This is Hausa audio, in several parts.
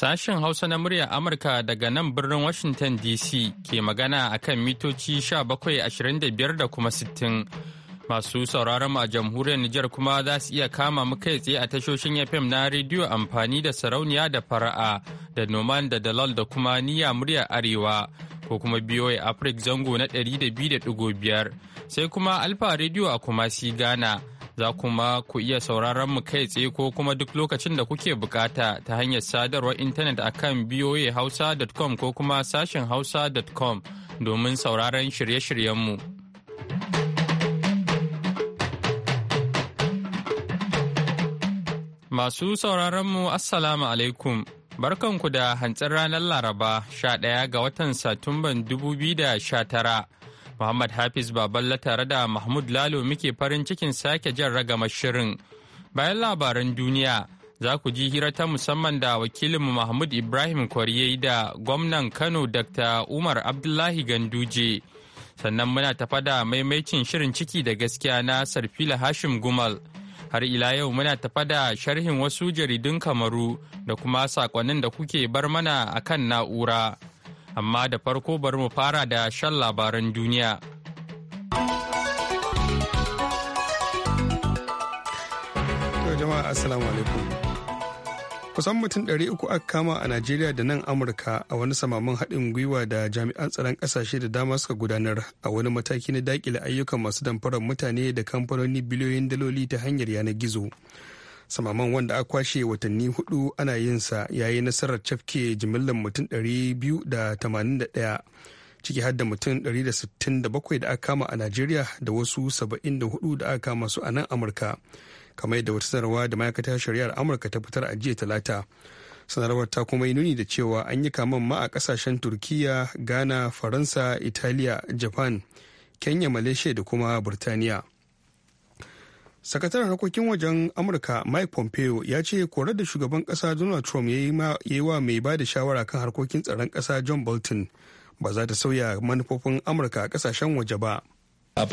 Sashen Hausa na murya Amurka daga nan birnin Washington DC ke magana a kan mitoci 1725 da kuma 60. Masu sauraron a jamhuriyar Nijar kuma za su iya kama mu kai tsaye a tashoshin FM na rediyo amfani da sarauniya da fara'a da noman da dalal da kuma niyya murya Arewa ko kuma BOA Africa zango na 200.5 sai kuma Alfa Radio a Kumasi Ghana. Za kuma ku iya sauraron mu kai tsaye ko kuma duk lokacin da kuke bukata ta hanyar sadarwar intanet akan voahausa.com ko kuma sashen hausa.com domin sauraron shirye-shiryenmu. Masu sauraronmu Assalamu alaikum. Barkanku da hantsin ranar Laraba 11 ga watan Satumban 2019. Muhammad Hafiz Baballa tare da Mahmud Lalo muke farin cikin sake jan ragama shirin. Bayan labaran duniya, za ku ji hira ta musamman da wakilinmu Mahmud Ibrahim Kwariye da gwamnan Kano Dr. Umar Abdullahi Ganduje. Sannan muna tafa da maimacin shirin ciki da gaskiya na Sarfila Hashim Gumal. Har ila yau muna tafa da sharhin wasu jaridun kamaru da kuma sakonnin da kuke bar mana akan na'ura. amma da farko bari mu fara da shan labaran duniya. jama'a Kusan mutum ɗari uku aka kama a Najeriya da nan Amurka a wani samamin haɗin gwiwa da jami'an tsaron ƙasashe da dama suka gudanar a wani mataki na daƙile ayyukan masu damfarar mutane da kamfanoni biliyoyin daloli ta hanyar yanar gizo. samaman wanda a kwashe watanni hudu ana yinsa ya yi nasarar cafke jimillar mutum 281 ciki har da mutum 167 da aka kama a najeriya da wasu 74 da aka kama su a nan amurka kamar yadda wata sanarwa da ma'aikatar shari'ar amurka ta fitar a jiya talata sanarwar ta kuma yi nuni da cewa an yi kaman ma a kasashen turkiya ghana faransa italiya japan kenya malaysia da kuma burtaniya sakataren harkokin wajen amurka mike pompeo ya ce korar da shugaban kasa donald trump ya yi wa mai ba da shawara kan harkokin tsaron kasa john bolton ba za ta sauya manufofin amurka a kasashen waje ba uh,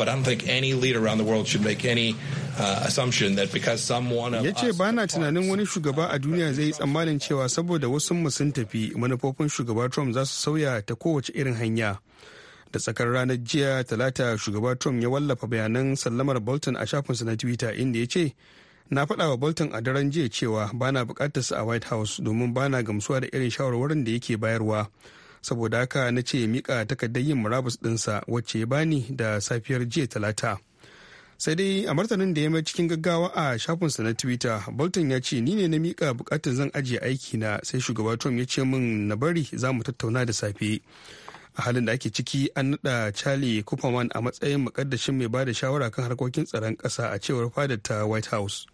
uh, ya ce ba na tunanin wani shugaba a duniya zai yi tsammanin cewa saboda wasu masun sun tafi manufofin shugaba Trump za su sauya ta kowace irin hanya. da tsakar ranar jiya talata shugaba trump ya wallafa bayanan sallamar bolton a shafinsa na twitter inda ya ce na faɗa wa bolton a daren jiya cewa bana buƙatar sa a white house domin bana gamsuwa da irin shawarwarin da yake bayarwa saboda haka na ce mika takardar yin murabus ɗinsa wacce ya bani da safiyar jiya talata sai dai a martanin da ya mai cikin gaggawa a shafinsa na twitter bolton ya ce ni ne na mika bukatar zan ajiye aiki na sai shugaba trump ya ce min na bari za mu tattauna da safe a halin da ake ciki an naɗa charlie kuperman a matsayin makaddashin mai bada shawara kan harkokin tsaron kasa a cewar fadar ta white house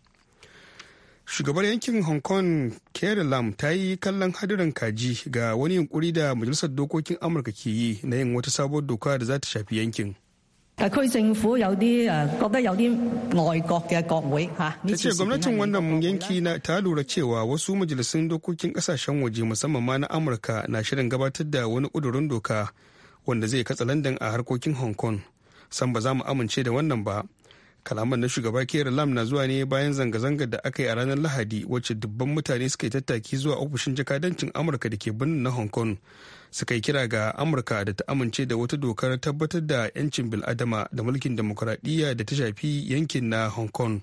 shugabar yankin hong kong carrie lam ta yi kallon hadirin kaji ga wani yunkuri da majalisar dokokin amurka ke yi na yin wata sabuwar doka da za ta shafi yankin 區政府有啲誒覺得有啲外國嘅國會嚇，ta ce gwamnatin wannan yanki na ta lura cewa wasu majalisun dokokin kasashen waje musamman ma na Amurka na shirin gabatar da wani ƙudurin doka wanda zai katsa London a harkokin Hong Kong. San ba za mu amince da wannan ba. Kalaman na shugaba Kerry Lam na zuwa ne bayan zanga-zangar da aka yi a ranar Lahadi wacce dubban mutane suka yi tattaki zuwa ofishin jakadancin Amurka da ke birnin na Hong Kong suka yi kira ga amurka da ta amince da wata dokar tabbatar da 'yancin biladama da mulkin demokuraɗiyya da ta shafi yankin na hong kong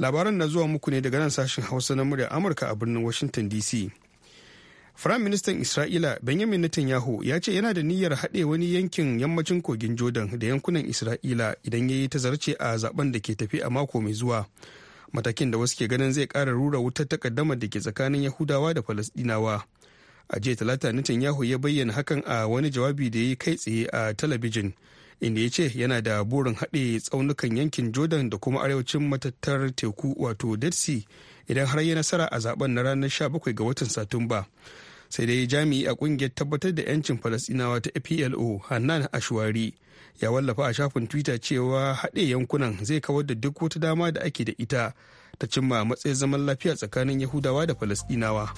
labaran na zuwa muku ne daga nan sashen hausa na murya amurka a birnin washington dc firayim ministan isra'ila benjamin netanyahu ya ce yana da niyyar haɗe wani yankin yammacin kogin jordan da yankunan isra'ila idan ya yi tazarce a zaben da ke tafi a mako mai zuwa matakin da wasu ke ganin zai ƙara rura wutar takaddama da ke tsakanin yahudawa da falasɗinawa a jiya talata netanyahu ya bayyana hakan a wani jawabi da ya yi kai tsaye a talabijin inda ya ce yana da burin haɗe tsaunukan yankin jordan da kuma arewacin matattar teku wato dead sea idan har ya nasara a zaben na ranar 17 ga watan satumba sai dai jami'i a kungiyar tabbatar da 'yancin falasinawa ta aplo hannan ashwari ya wallafa a shafin twitter cewa haɗe yankunan zai kawar da duk wata dama da ake da ita ta cimma matsayin zaman lafiya tsakanin yahudawa da falasɗinawa.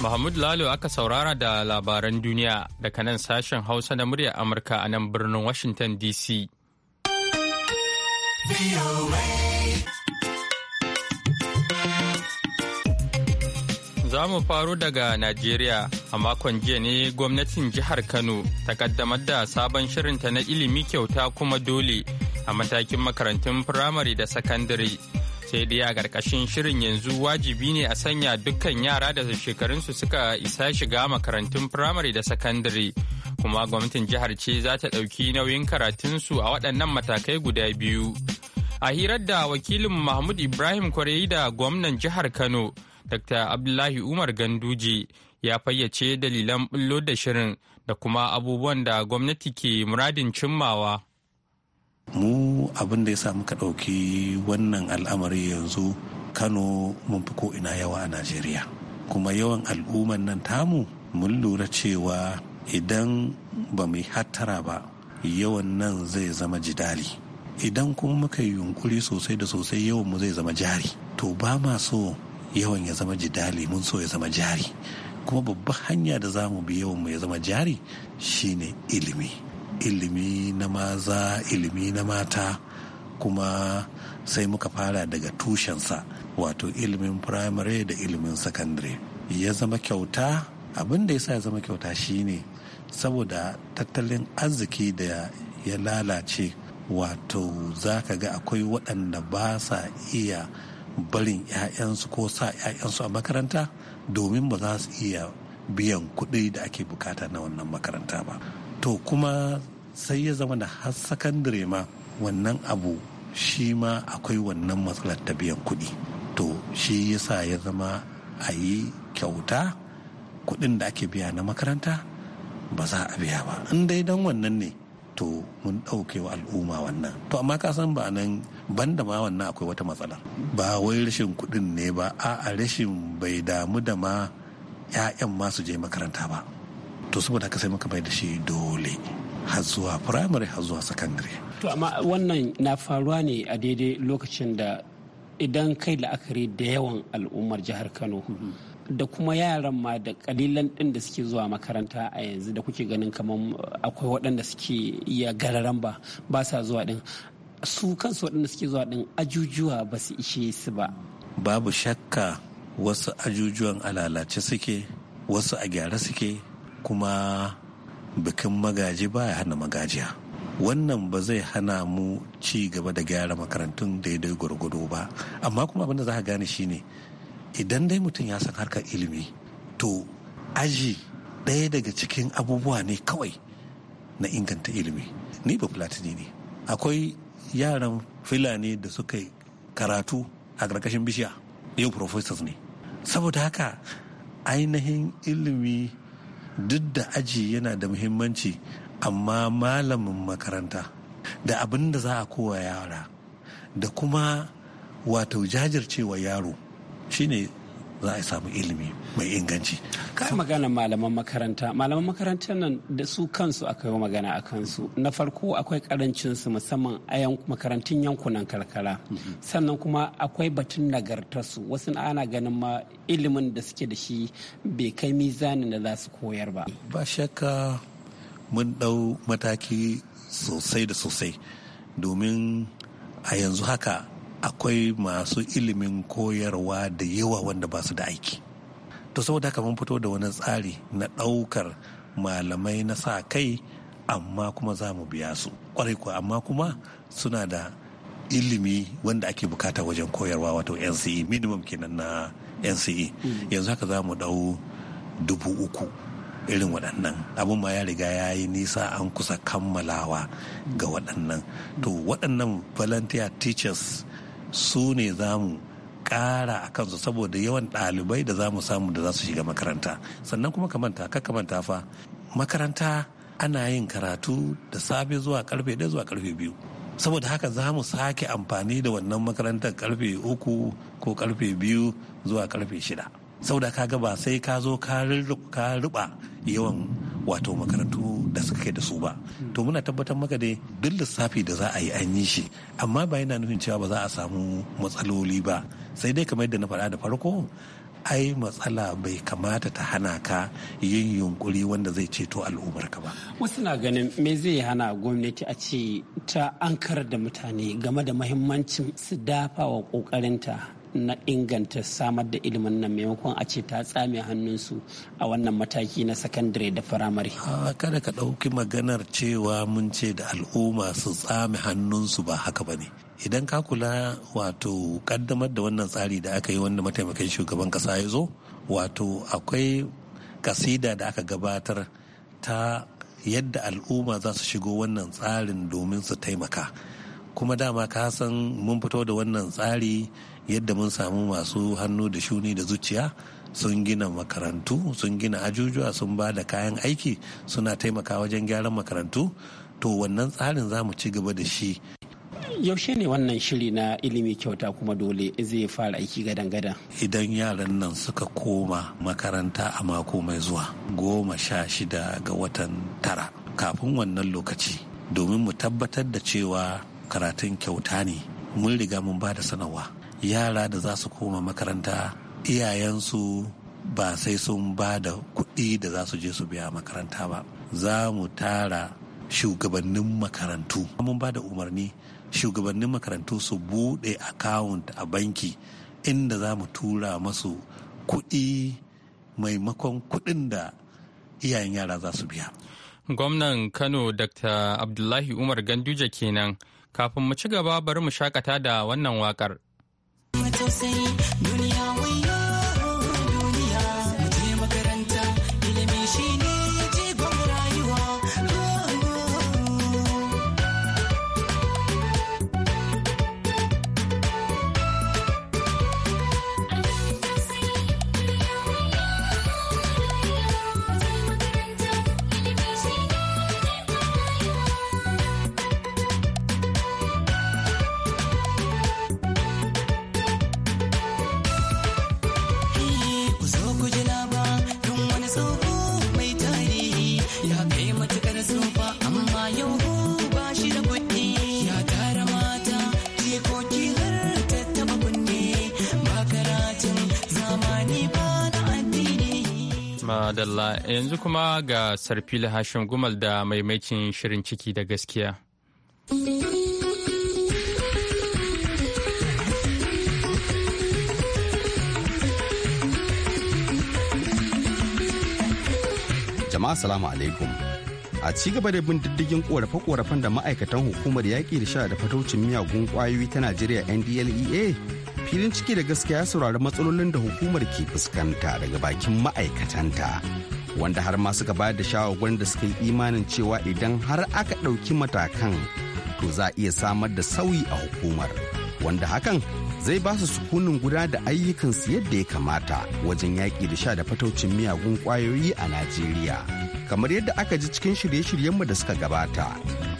Mahmud Lalo aka saurara da labaran duniya daga nan sashen Hausa na muryar Amurka a nan birnin Washington DC. Za mu faro daga Najeriya a makon jiya ne gwamnatin jihar Kano ta kaddamar da sabon shirinta na ilimi kyauta kuma dole a matakin makarantun firamare da sakandare. sai dai a ƙarƙashin shirin yanzu wajibi ne a sanya dukkan yara da shekarunsu suka isa shiga makarantun firamare da sakandare kuma gwamnatin jihar ce za ta ɗauki nauyin karatunsu a waɗannan matakai guda biyu a hirar da wakilin mahmud ibrahim kwarai da gwamnan jihar kano dr abdullahi umar ganduje ya fayyace dalilan bullo da shirin da kuma abubuwan da gwamnati ke muradin cimmawa mu abin da ya sa muka ɗauki wannan al'amari yanzu kano mun fi ko ina yawa a najeriya kuma yawan al'umman nan tamu mun lura cewa idan ba mu hattara ba yawan nan zai zama jidali idan kuma muka yi yunkuri sosai da sosai yawan mu zai zama jari to ba ma so yawan ya zama jidali mun so ya zama jari kuma babban hanya da za mu bi yawan mu ya zama jari shine ilimi ilimi na maza ilimi na mata kuma sai muka fara daga tushensa wato ilimin firamare da ilimin sakandare ya zama kyauta abin da ya sa ya zama kyauta shine saboda tattalin arziki da ya lalace wato za ka ga akwai waɗanda ba sa iya barin 'ya'yansu ko sa 'ya'yansu a makaranta domin ba za su iya biyan kuɗi da ake bukata na wannan makaranta ba to kuma sai ya zama da har sakandare ma wannan abu shi ma akwai wannan matsalar ta biyan kuɗi to shi yasa ya zama a yi kyauta kuɗin da ake biya na makaranta ba za a biya ba in dai don wannan ne to mun ɗauke wa al'umma wannan to amma ka san ba nan ban da ma wannan akwai wata matsalar ba wai rashin kuɗin ne ba a rashin bai damu da ma 'ya'yan ma su je makaranta ba to saboda haka sai muka mai da shi dole har zuwa primary har zuwa secondary to amma wannan na faruwa ne a daidai lokacin da idan kai la'akari da yawan al'ummar jihar kano da kuma yaran ma da kalilan din da suke zuwa makaranta a yanzu da kuke ganin kamar akwai waɗanda suke iya gararan ba ba sa zuwa din su kansu waɗanda suke zuwa din ajujuwa ba su ishe su ba babu shakka wasu ajujuwan a lalace suke wasu a gyara suke kuma bikin magaji ba ya hana magajiya wannan ba zai hana mu ci gaba da gyara makarantun daidai gwargwado ba amma kuma abinda za a gane shi ne, idan dai mutum ya san harkar ilimi to aji ɗaya daga cikin abubuwa ne kawai na inganta ilimi ni ba platini ne akwai yaran filani da suka karatu a ƙarƙashin bishiya yau professors ne saboda haka ainihin ilimi duk da aji yana da muhimmanci amma malamin makaranta da abin da za a kowa yara da kuma wato jajircewa yaro shine za a samu ilimi mai inganci kai magana malaman makaranta malaman makaranta nan da su kansu aka yi magana a kansu na farko akwai karancin su musamman a makarantun yankunan karkara sannan kuma akwai batun nagartarsu wasu ana ganin ma ilimin da suke da shi bai kai mizanin da za su koyar ba ba shakka mun ɗau mataki sosai da sosai domin a yanzu haka akwai masu ilimin koyarwa da yawa wanda ba su da aiki to saboda haka mun fito da wani tsari na ɗaukar malamai na sa kai amma kuma za mu biya su kwarai kuwa amma kuma suna da ilimi wanda ake bukata wajen koyarwa wato nce minimum kenan na nce mm. yanzu haka za mu ɗau dubu uku irin waɗannan abin ma ya riga ya yi nisa an kusa kammalawa ga waɗannan to waɗannan volunteer teachers su ne za mu ƙara a kansu saboda yawan ɗalibai da za mu samu da za su shiga makaranta sannan kuma ka manta ka manta fa makaranta ana yin karatu da safe zuwa karfe ɗaya zuwa karfe biyu saboda haka za mu sake amfani da wannan makarantar karfe uku ko karfe biyu zuwa karfe shida saboda ka ba sai ka zo ka ruba yawan wato makarantu da suka kai da su ba to muna tabbatar maka dai duk lissafi da za a yi an yi shi amma ba yana nufin cewa ba za a samu matsaloli ba sai dai kamar yadda na faɗa da farko ai matsala bai kamata ta hana ka yin yunkuri wanda zai ceto al'ummarka ba. Wasu na ganin me zai hana gwamnati a ce ta ankar da mutane game da mahimmancin su dafa wa kokarinta na inganta samar da ilimin nan maimakon a ce ta tsame hannunsu a wannan mataki na sakandare da firamare. kada ka ɗauki maganar cewa mun ce da al'umma su tsame hannunsu ba haka ba ne idan ka kula wato kaddamar da wannan tsari da aka yi wanda mataimakin shugaban ƙasa ya zo wato akwai kasida da aka gabatar ta yadda al'umma za su shigo wannan tsarin domin su taimaka kuma dama ka san mun fito da wannan tsari yadda mun samu masu hannu da shuni da zuciya sun gina makarantu sun gina ajujuwa sun ba da kayan aiki suna taimaka wajen gyaran makarantu to wannan tsarin za mu ci gaba da shi yaushe ne wannan shiri na ilimi kyauta kuma dole zai fara aiki gadan-gadan idan yaran nan suka koma makaranta a mako mai zuwa goma sha shida ga watan tara kafin wannan lokaci domin mu tabbatar da cewa karatun kyauta ne mun riga mun ba da sanarwa yara da za su koma makaranta iyayensu ba sai sun ba da kuɗi da za su je su biya makaranta ba za mu tara shugabannin makarantu mun ba da umarni shugabannin makarantu su buɗe akawunt a banki inda za mu tura masu kuɗi maimakon kuɗin da iyayen yara za su biya gwamnan kano dr abdullahi umar Ganduja, kenan kafin mu ci gaba bari mu shakata da wannan wakar See Madalla yanzu kuma ga Sarfili Hashim Gumal da maimacin shirin ciki da gaskiya. Jama'a salamu alaikum. A ci gaba da bin diddigin korafe-korafen da ma'aikatan hukumar yaƙi da sha da fataucin miyagun ƙwayoyi ta Najeriya NDLEA filin ciki da gaskiya saurari matsalolin da hukumar ke fuskanta daga bakin ma'aikatanta wanda har ma suka bayar da shawarwar da suka yi imanin cewa idan har aka ɗauki matakan to za a iya samar da sauyi a hukumar. wanda hakan zai ba su sukunin guda da ayyukan su yadda ya kamata wajen yaƙi da sha da fataucin miyagun ƙwayoyi a najeriya kamar yadda aka ji cikin shirye-shiryenmu da suka gabata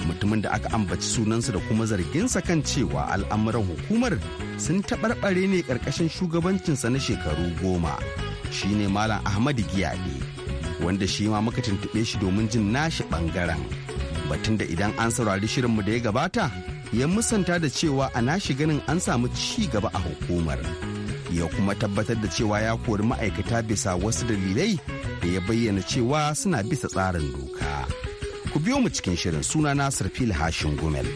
mutumin da aka ambaci sunansa da kuma zarginsa kan cewa al'amuran hukumar sun taɓarɓare ne ƙarƙashin shugabancinsa na shekaru goma shine malam ahmadu giyaɗe wanda shi ma muka tuntuɓe shi domin jin nashi ɓangaren batun da idan an saurari shirinmu da ya gabata ya musanta da cewa a nashi ganin an samu ci gaba a hukumar ya kuma tabbatar da cewa ya kori ma'aikata bisa wasu dalilai da ya bayyana cewa suna bisa tsarin doka ku biyo mu cikin shirin suna na sarfil hashin gumel.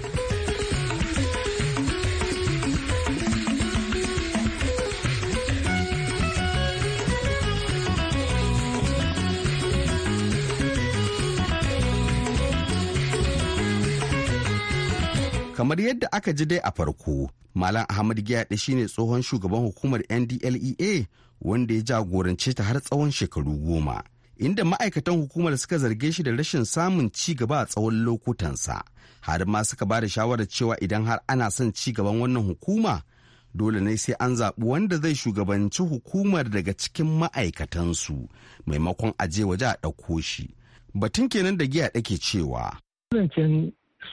kamar yadda aka ji dai a farko malam ahmad gyaɗe shine tsohon shugaban hukumar ndlea wanda ya jagorance ta har tsawon shekaru goma inda ma'aikatan hukumar suka zarge shi da rashin samun ci gaba a tsawon lokutansa har ma suka ba da shawarar cewa idan har ana son ci gaban wannan hukuma dole ne sai an zaɓi wanda zai shugabanci hukumar daga cikin ma'aikatansu maimakon aje waje a ɗauko shi batun kenan da giya ɗake cewa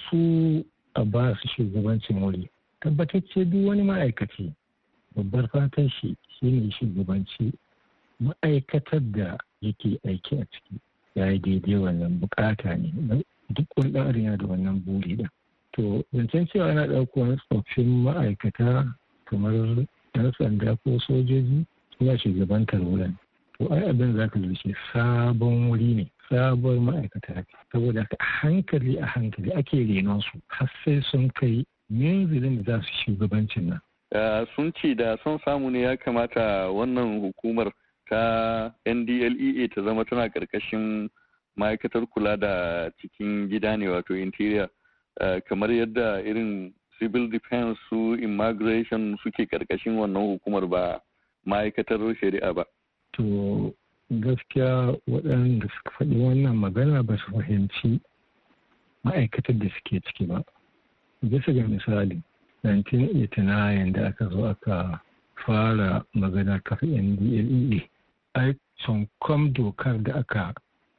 su a ba su shugabancin wuri tabbatacce duk wani ma'aikaci babbar fatan shi shine shugabanci ma'aikatar da yake aiki a ciki ya yi daidai wannan bukata ne duk wani ɗan da wannan buri da to zancen cewa ana ɗauko tsoffin ma'aikata kamar ɗan sanda ko sojoji suna shugabantar wurin to ai abin za ka zuce sabon wuri ne sabuwar ma'aikata saboda a hankali a hankali ake renon su har sai sun kai minzilin da za su shugabancin nan. sun ce da son samu ne ya kamata wannan hukumar ta ndlea ta zama tana karkashin ma'aikatar kula da cikin gida ne wato interior eh, kamar yadda irin civil defense su immigration suke karkashin wannan hukumar ba ma'aikatar shari'a ba. to gaskiya waɗanda suka faɗi wannan magana ba su fahimci ma'aikatar da suke ciki ba bisa ga misali 1989 da aka zo aka fara magana kafa ndlea ai kwam dokar da aka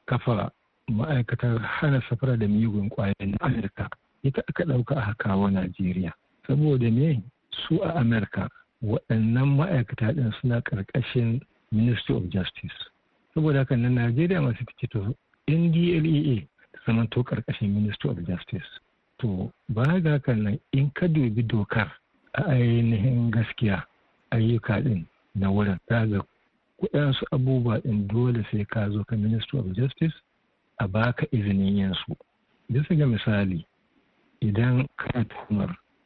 kafa ma'aikatar hana safara da miyagun kwayoyin amurka ita aka ɗauka a kawo najeriya saboda me su a amurka waɗannan ma'aikata ɗin suna ƙarƙashin ministry of justice saboda haka na najeriya masu take ndlea ta zama to karkashin ministry of justice to ba ga haka nan in ka dubi dokar a ainihin gaskiya ayyuka din na wurin ta ga su abubuwa din dole sai ka zo ka ministry of justice a baka izinin yansu bisa ga misali idan ka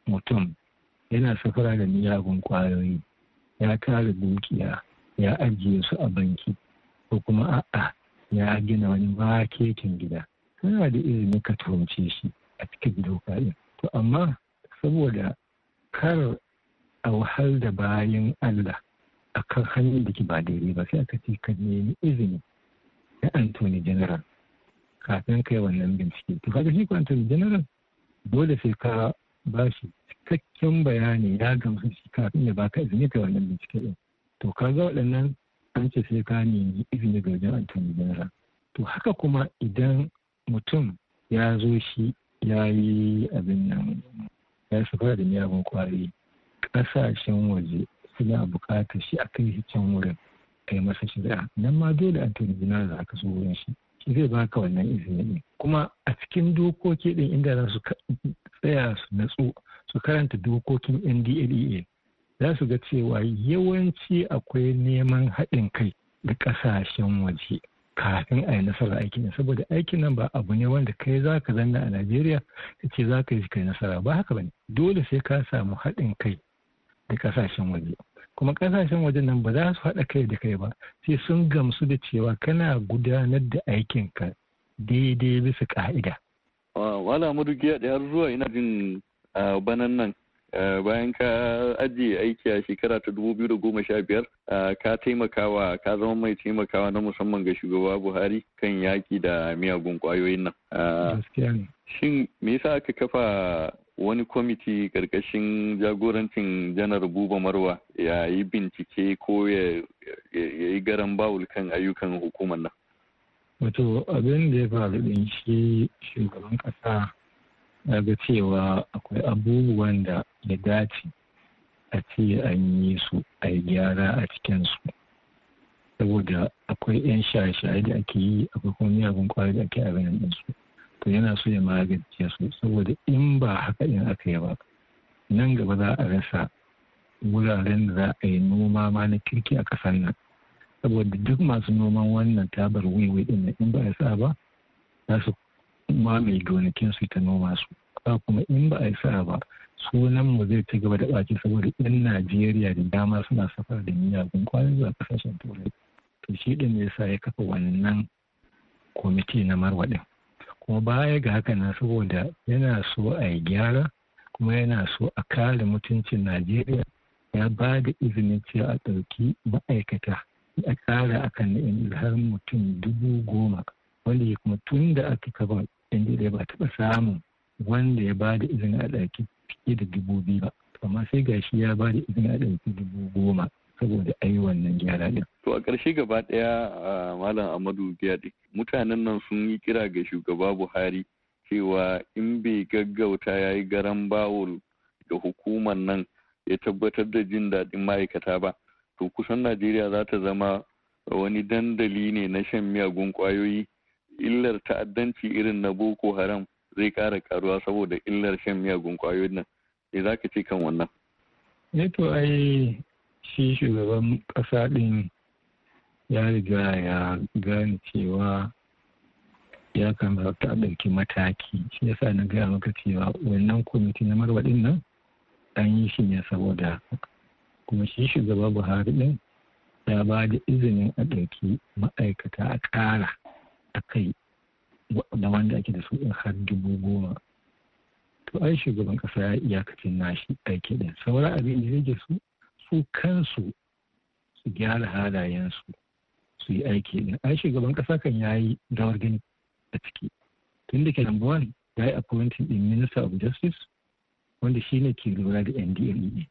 mutum yana safara da miyagun kwayoyi ya kare dukiya ya ajiye su a banki ko kuma a'a ya gina wani maketin gida kana da izini ka tuhumce shi a cikin doka ɗin to amma saboda kar a wahal da bayan Allah a kan hanyar da ke ba daidai ba sai aka ce ka nemi izini na Anthony General kafin kai wannan bincike to kaga shi ko Anthony General dole sai ka ba shi cikakken bayani ya gamsu shi kafin ya baka izini kai wannan bincike din to kaga waɗannan wuce sai ka nemi izini ga wajen antoni general to haka kuma idan mutum ya zo shi ya yi abin nan ya sufar da miyagun kwari kasashen waje suna bukatar shi a kai can wurin kai masa shari'a nan ma dole antoni general za aka so wurin shi shi zai baka wannan izini ne kuma a cikin dokoki din inda za su tsaya su natsu su karanta dokokin ndlea e za su ga cewa yawanci akwai neman haɗin kai da ƙasashen waje kafin a yi nasarar aikin saboda aikin nan ba abu ne wanda kai za ka zanna a najeriya ka ce za ka yi kai nasara ba haka ba bane dole sai ka samu haɗin kai da ƙasashen waje kuma ƙasashen waje nan ba za su haɗa kai da kai ba sai sun gamsu da cewa kana gudanar da aikinka daidai bisa ka'ida wala muduki har zuwa ina jin ah, banan nan Eh, bayan ka ajiye aiki a shekara ta goma sha biyar eh, ka taimakawa ka zama mai taimakawa na musamman ga shugaba buhari kan yaki da miyagun kwayoyin nan eh, shin me yasa aka kafa wani kwamiti karkashin jagorancin janar buba marwa ya yi bincike ko ya yi garan bawul kan ayyukan hukumar nan wato abin da ya faru din shi shugaban kasa Na ga cewa akwai abubuwan da ya dace a ce an yi su a yi gyara a cikinsu saboda akwai 'yan shaye-shaye da ake yi akwai kuma miyagun kwari da ake abin ɗinsu to yana so ya magance su saboda in ba haka in aka yi ba nan gaba za a rasa wuraren da za a yi noma ma na kirki a ƙasar nan saboda duk masu noman wannan tabar wiwi na in ba a sa ba za su mamaye gonakin su ta noma su kuma in ba a yi sa'a ba sunan mu zai ci gaba da ɓaki saboda yan najeriya da dama suna safar da miyagun kwanan zuwa kasashen turai to shi ɗin ne sa ya kafa wannan kwamiti na marwaɗin kuma baya ga haka na saboda yana so a yi gyara kuma yana so a kare mutuncin najeriya ya ba da izinin cewa a ɗauki ma'aikata a kara akan na har mutum dubu goma wanda ya kuma tun da aka kaba Najeriya ba taɓa samun wanda ya bada izin a ɗaki fiye da dubu biyu ba. Amma sai gashi ya bada izin a ɗaki dubu goma saboda a yi wannan gyara ɗin. To a ƙarshe gaba ɗaya Malam Amadu Biyaɗi mutanen nan sun yi kira ga shugaba Buhari cewa in bai gaggauta ya yi garan bawul da hukumar nan ya tabbatar da jin daɗin ma'aikata ba. To kusan Najeriya za ta zama wani dandali ne na shan miyagun kwayoyi. illar ta'addanci irin na boko haram zai ƙara karuwa saboda illar shan miyagun kwayoyin nan me za ka ce kan wannan ne eh to ai shi shugaban ƙasa ɗin ya riga ya gane cewa ya kamata a ɗauki mataki shi yasa na gaya maka cewa wannan kwamiti na marwaɗin nan an yi shi ne saboda kuma shi shugaba buhari ɗin ya ba da izinin a ɗauki ma'aikata a ƙara ta kai na wanda ake da su in har dubu goma to ai shugaban kasa ya iyakacin nashi aiki din Saura abin da yake su su kansu su gyara halayensu su yi aiki din ai shugaban kasa kan ya yi rawar gani a ciki tun da ke number one ya yi appointing din minister of justice wanda shi ne ke lura da ndle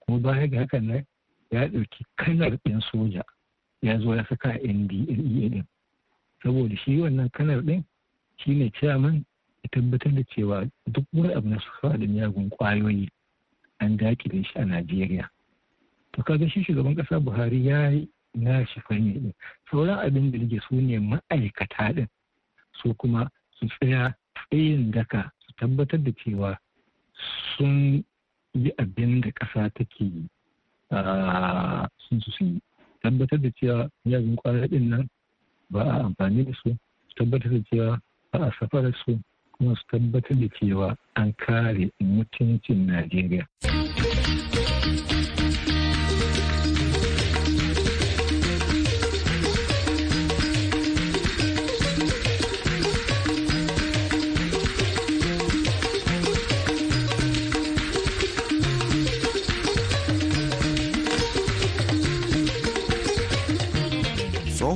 kuma baya ga hakan nan ya ɗauki kanar ɗin soja ya zo ya saka ndlea ɗin saboda shi wannan kanar ɗin shi ne ciyaman ya tabbatar da cewa duk wani abu na suka da miyagun kwayoyi an dakile shi a najeriya to kaga shi shugaban ƙasa buhari ya yi na shi fanni sauran abin da rige su ne ma'aikata ɗin su kuma su tsaya tsayin daka su tabbatar da cewa sun yi abin da ƙasa take yi ah, sun su yi tabbatar da cewa miyagun kwayoyi ɗin nan ba a amfani da su su tabbatar da cewa ba a safa da su kuma su tabbatar da cewa an kare mutuncin najeriya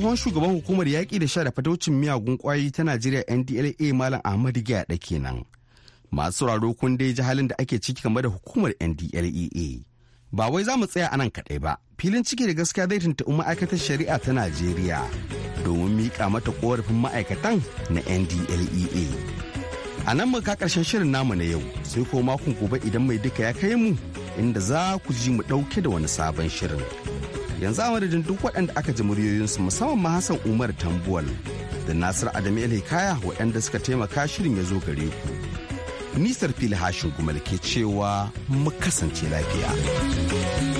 tsohon shugaban hukumar yaƙi da sha da fataucin miyagun ƙwayoyi ta najeriya ndla malam ahmadu gyaɗa kenan masu sauraro kun dai ji halin da ake ciki game da hukumar ndlea ba wai za mu tsaya anan kaɗai ba filin ciki da gaskiya zai tuntuɓi ma'aikatar shari'a ta najeriya domin miƙa mata ƙorafin ma'aikatan na ndlea a nan muka ƙarshen shirin namu na yau sai ko makon gobe idan mai duka ya kai mu inda za ku ji mu ɗauke da wani sabon shirin. yanzu a madadin duk waɗanda aka ji muryoyinsu musamman ma hassan umar tambuwal da nasir adamu hikaya waɗanda suka taimaka shirin ya zo gare ku nisar fili hashin gumal ke cewa mu kasance lafiya.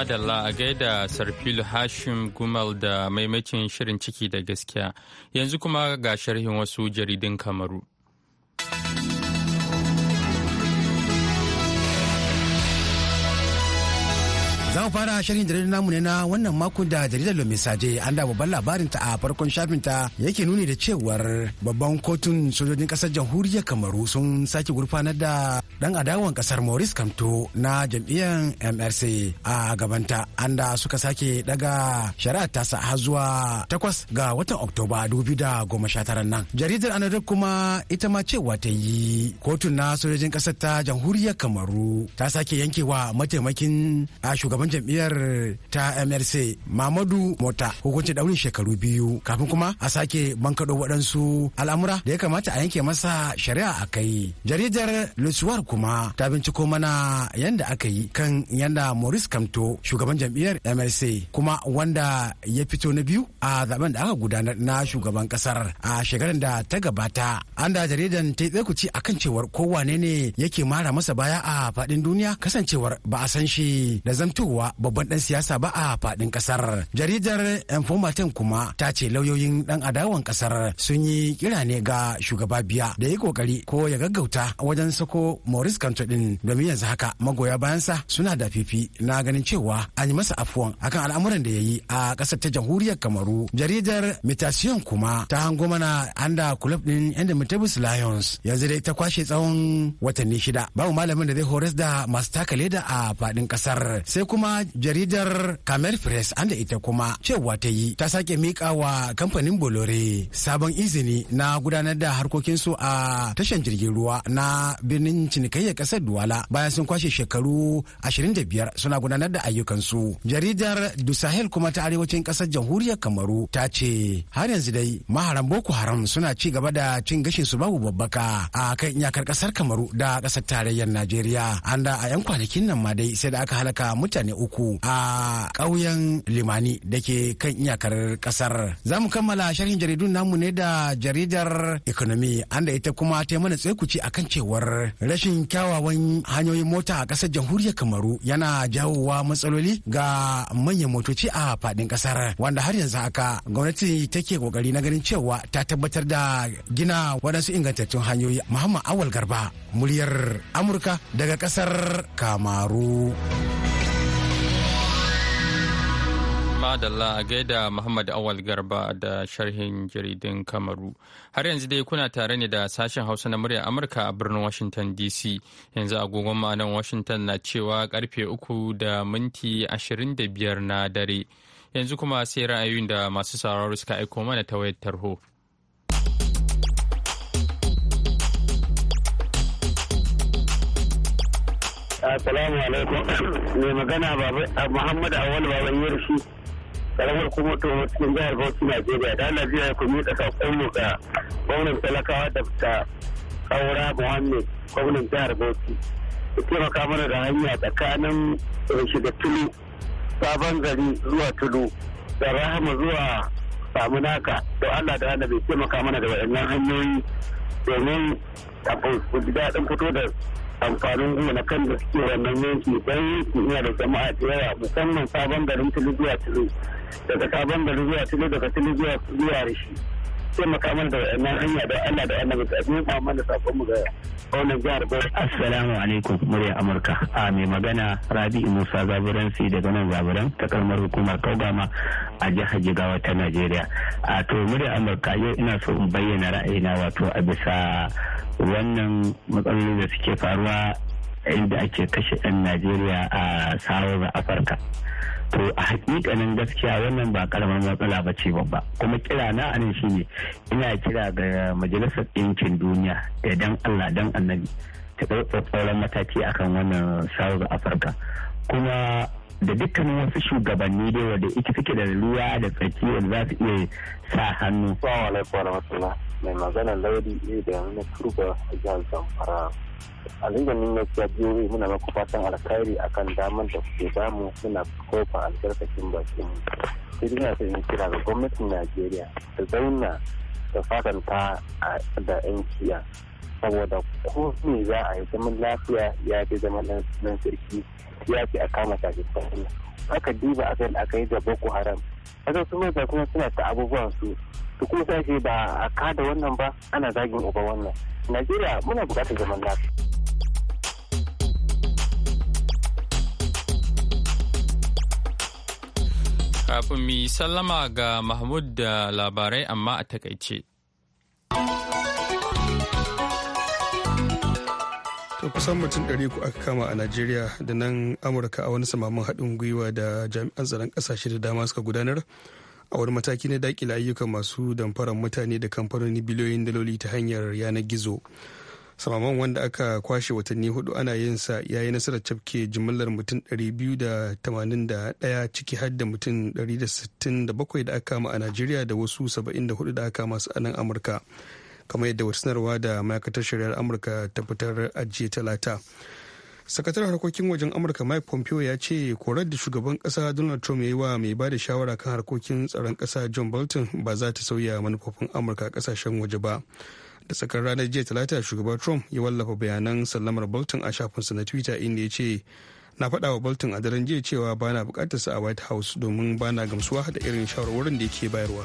Madalla a gaida sarfil Hashim Gumal da maimakin shirin ciki da gaskiya. Yanzu kuma ga sharhin wasu jaridun Kamaru. Za fara shirin jaridar namu ne na wannan makon da jaridar Lomi Saje an da babban labarin ta a farkon shafin ta yake nuni da cewar babban kotun sojojin kasar jamhuriyar Kamaru sun sake gurfanar da dan adawan kasar Maurice Kamto na jam'iyyar MRC a gabanta an da suka sake daga shari'a ta sa har zuwa takwas ga watan Oktoba 2019 nan. Jaridar Anadar kuma ita ma cewa ta yi kotun na sojojin kasar ta jamhuriyar Kamaru ta sake yankewa mataimakin a shugaban jam'iyyar ta mrc mamadu mota hukunci daurin shekaru biyu kafin kuma a sake bankaɗo waɗansu al'amura da ya kamata a yanke masa shari'a a kai jaridar lusuwar kuma ta binciko mana yanda aka yi kan yanda maurice kamto shugaban jam'iyyar mrc kuma wanda ya fito na biyu a zaben da aka gudanar na shugaban kasar a shekarar da ta gabata an da jaridan ta yi a kan cewar kowane ne yake mara masa baya a faɗin duniya kasancewar ba a san shi da zamtu fitowa babban dan siyasa ba a faɗin ƙasar jaridar informatin kuma ta ce lauyoyin dan adawan kasar sun yi kira ne ga shugaba biya da ya kokari ko ya gaggauta wajen sako maurice kanto din domin yanzu haka magoya bayan sa suna da fifi na ganin cewa an yi masa afuwan akan al'amuran da ya yi a kasar ta jamhuriyar kamaru jaridar mitasiyon kuma ta hango mana an da club din indomitable lions yanzu dai ta kwashe tsawon watanni shida babu malamin da zai horas da masu taka leda a fadin kasar sai kuma kuma jaridar Kamer Press an da ita kuma cewa ta yi ta sake mika wa kamfanin Bolore sabon izini na gudanar da harkokin su a tashan jirgin ruwa na birnin cinikayyar kasar Duwala bayan sun kwashe shekaru 25 suna gudanar da ayyukansu. Jaridar Du Sahel kuma ta arewacin kasar jamhuriyar Kamaru ta ce har yanzu dai maharan Boko Haram suna ci gaba da cin gashin su babu babbaka a kan iyakar kasar Kamaru da kasar tarayyar Najeriya. An da a 'yan kwanakin nan ma dai sai da aka halaka mutane mutane uku a ƙauyen Limani da ke kan iyakar ƙasar. Za mu kammala sharhin jaridun namu ne da jaridar Economy anda ita kuma ta mana tsaikuci akan cewar rashin kyawawan hanyoyin mota a ƙasar jamhuriyar Kamaru yana jawowa matsaloli ga manyan motoci a faɗin ƙasar wanda har yanzu haka gwamnati take ƙoƙari na ganin cewa ta tabbatar da gina waɗansu ingantattun hanyoyi. Muhammad Awal Garba, muryar Amurka daga ƙasar Kamaru. Madalla a gaida Muhammad Awal Garba da sharhin jaridin Kamaru. Har yanzu dai kuna tare ne da sashen Hausa na murya Amurka a birnin Washington DC. Yanzu agogon ma'anan Washington na cewa karfe uku da minti ashirin da biyar na dare. Yanzu kuma sai ra'ayoyin da masu sauraro suka aiko mana ta wayar tarho. Assalamu alaikum. Mai magana Muhammad Awal Baban karamar kuma to cikin jihar Bauchi Najeriya da Allah biya kuma miƙa sakon mu ga gwamnan talakawa da ta Kaura Muhammad gwamnan jihar Bauchi ku taimaka mana da hanya tsakanin rashi da tulu sabon gari zuwa tulu da rahama zuwa samunaka to Allah da Allah bai taimaka mana da waɗannan hanyoyi domin a daɗin fito da amfanin gona na kan da suke wannan yanki don yanki ina da jama'a da yawa musamman sabon garin tulu zuwa tulu daga sabon garin zuwa tulu daga tulu zuwa zuwa rishi sai makamar da wannan hanya da Allah da annabi da abin da sakon mu ga wannan jihar Bauchi. Assalamu alaikum murya Amurka. A mai magana Rabi'u Musa sai daga nan Zaburan ta kalmar hukumar Kaugama a jihar Jigawa ta Najeriya. A to murya Amurka yau ina so in bayyana ra'ayina wato a bisa wannan matsaloli da suke faruwa inda ake kashe 'yan Najeriya a da Afirka. to a hakikanin gaskiya wannan ba karamar matsala ba ce babba kuma kira na anan shine ina kira ga majalisar ɗinkin duniya da dan allah dan annabi ta ɗau mataki akan wannan sauran afirka kuma da dukkanin wasu shugabanni da ita suke da ruwa da tsaki wanda za su iya sa hannu. mai magana lauri da na turba a jihar zamfara a lingamin na jajiyoyi muna maku fatan alkhairi akan damar da kuke damu suna kofa albarkacin bakin mu sai dina sai in kira ga gwamnatin najeriya da zauna da fatanta da yan saboda ko ne za a yi zaman lafiya ya fi zaman nan sarki ya fi a kama tafi aka diba akan aka da boko haram kasan su mai kuma suna ta abubuwan su su kuma ba a kada wannan ba ana zagin uba wannan najeriya muna bukatar zaman lafiya kafin mi sallama ga mahmud da labarai amma a takaice to kusan mutum ɗari ku aka kama a najeriya da nan amurka a wani samamin haɗin gwiwa da jami'an tsaron ƙasashe da dama suka gudanar a wani mataki na dakila ayyukan masu damfarar mutane da kamfanoni biliyoyin daloli ta hanyar yanar gizo samaman wanda aka kwashe watanni hudu ana yin sa ya yi nasarar cafke jimillar mutum 281 ciki har da mutum 167 da aka kama a najeriya da wasu 74 da aka masu amurka kamar yadda wata sanarwa da ma'aikatar shari'ar amurka ta fitar ajiye talata sakataren harkokin wajen amurka mike pompeo ya ce korar da shugaban kasa donald trump ya yi wa mai bada shawara kan harkokin tsaron kasa john bolton ba za ta sauya manufofin amurka kasashen waje ba da tsakar ranar jiya talata shugaban trump ya wallafa bayanan sallamar bolton a shafinsa na twitter inda ya ce na faɗa wa bolton a daren jiya cewa bana sa a white house domin bana gamsuwa da irin shawarwarin da yake bayarwa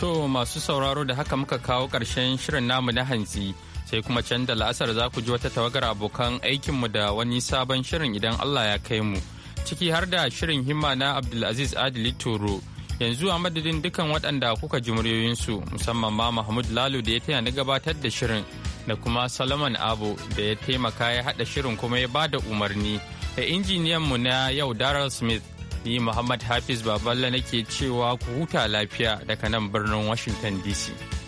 to masu sauraro da haka muka kawo ƙarshen shirin namu na hantsi sai kuma can da la'asar za ku ji wata tawagar abokan aikinmu da wani sabon shirin idan Allah ya kai mu ciki har da shirin himma na Abdulaziz Adili Toro yanzu a madadin dukan waɗanda kuka ji muryoyinsu musamman ma Mahmud Lalo da ya taya na gabatar da shirin da kuma Solomon Abu da ya taimaka ya haɗa shirin kuma ya bada umarni da injiniyan mu na yau Daryl Smith ni Muhammad Hafiz Baballa nake cewa ku huta lafiya daga nan birnin Washington DC.